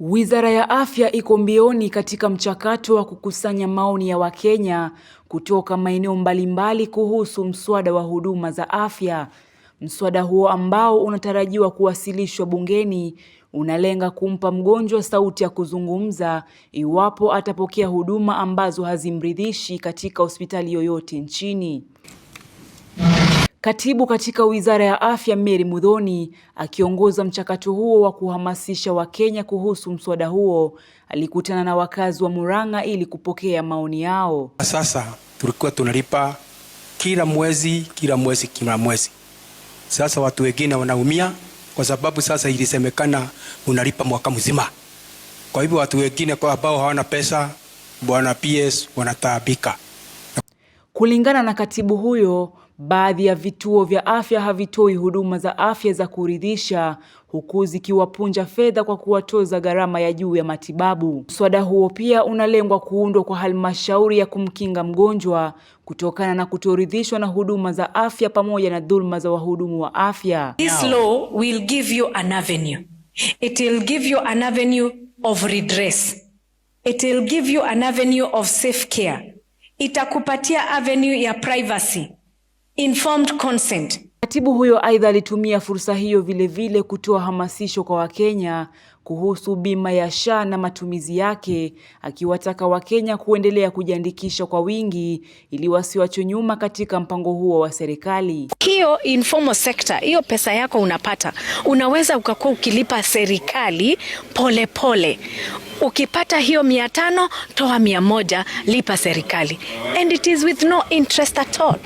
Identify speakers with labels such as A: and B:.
A: Wizara ya Afya iko mbioni katika mchakato wa kukusanya maoni ya Wakenya kutoka maeneo mbalimbali kuhusu mswada wa huduma za afya. Mswada huo ambao unatarajiwa kuwasilishwa bungeni unalenga kumpa mgonjwa sauti ya kuzungumza iwapo atapokea huduma ambazo hazimridhishi katika hospitali yoyote nchini. Katibu katika Wizara ya Afya Mary Muthoni akiongoza mchakato huo wa kuhamasisha Wakenya kuhusu mswada huo alikutana na wakazi wa Murang'a ili kupokea maoni yao.
B: Sasa tulikuwa tunalipa kila mwezi kila mwezi kila mwezi, sasa watu wengine wanaumia kwa sababu sasa ilisemekana unalipa mwaka mzima. Kwa hivyo watu wengine kwa ambao hawana pesa, bwana PS, wanataabika.
A: Kulingana na katibu huyo Baadhi ya vituo vya afya havitoi huduma za afya za kuridhisha, huku zikiwapunja fedha kwa kuwatoza gharama ya juu ya matibabu. Mswada huo pia unalengwa kuundwa kwa halmashauri ya kumkinga mgonjwa kutokana na kutoridhishwa na huduma za afya pamoja na dhuluma za wahudumu wa afya.
C: This law will give you an avenue. It will give you an avenue of redress. It will give you an avenue of safe care. Itakupatia avenue ya privacy informed consent
A: Katibu huyo aidha alitumia fursa hiyo vilevile kutoa hamasisho kwa Wakenya kuhusu bima ya SHA na matumizi yake, akiwataka Wakenya kuendelea kujiandikisha kwa wingi ili wasiwachwe nyuma katika mpango huo wa serikali.
D: Hiyo informal sector, hiyo pesa yako unapata, unaweza ukakuwa ukilipa serikali polepole pole. Ukipata hiyo mia tano toa mia moja lipa serikali, and it is with no interest at all.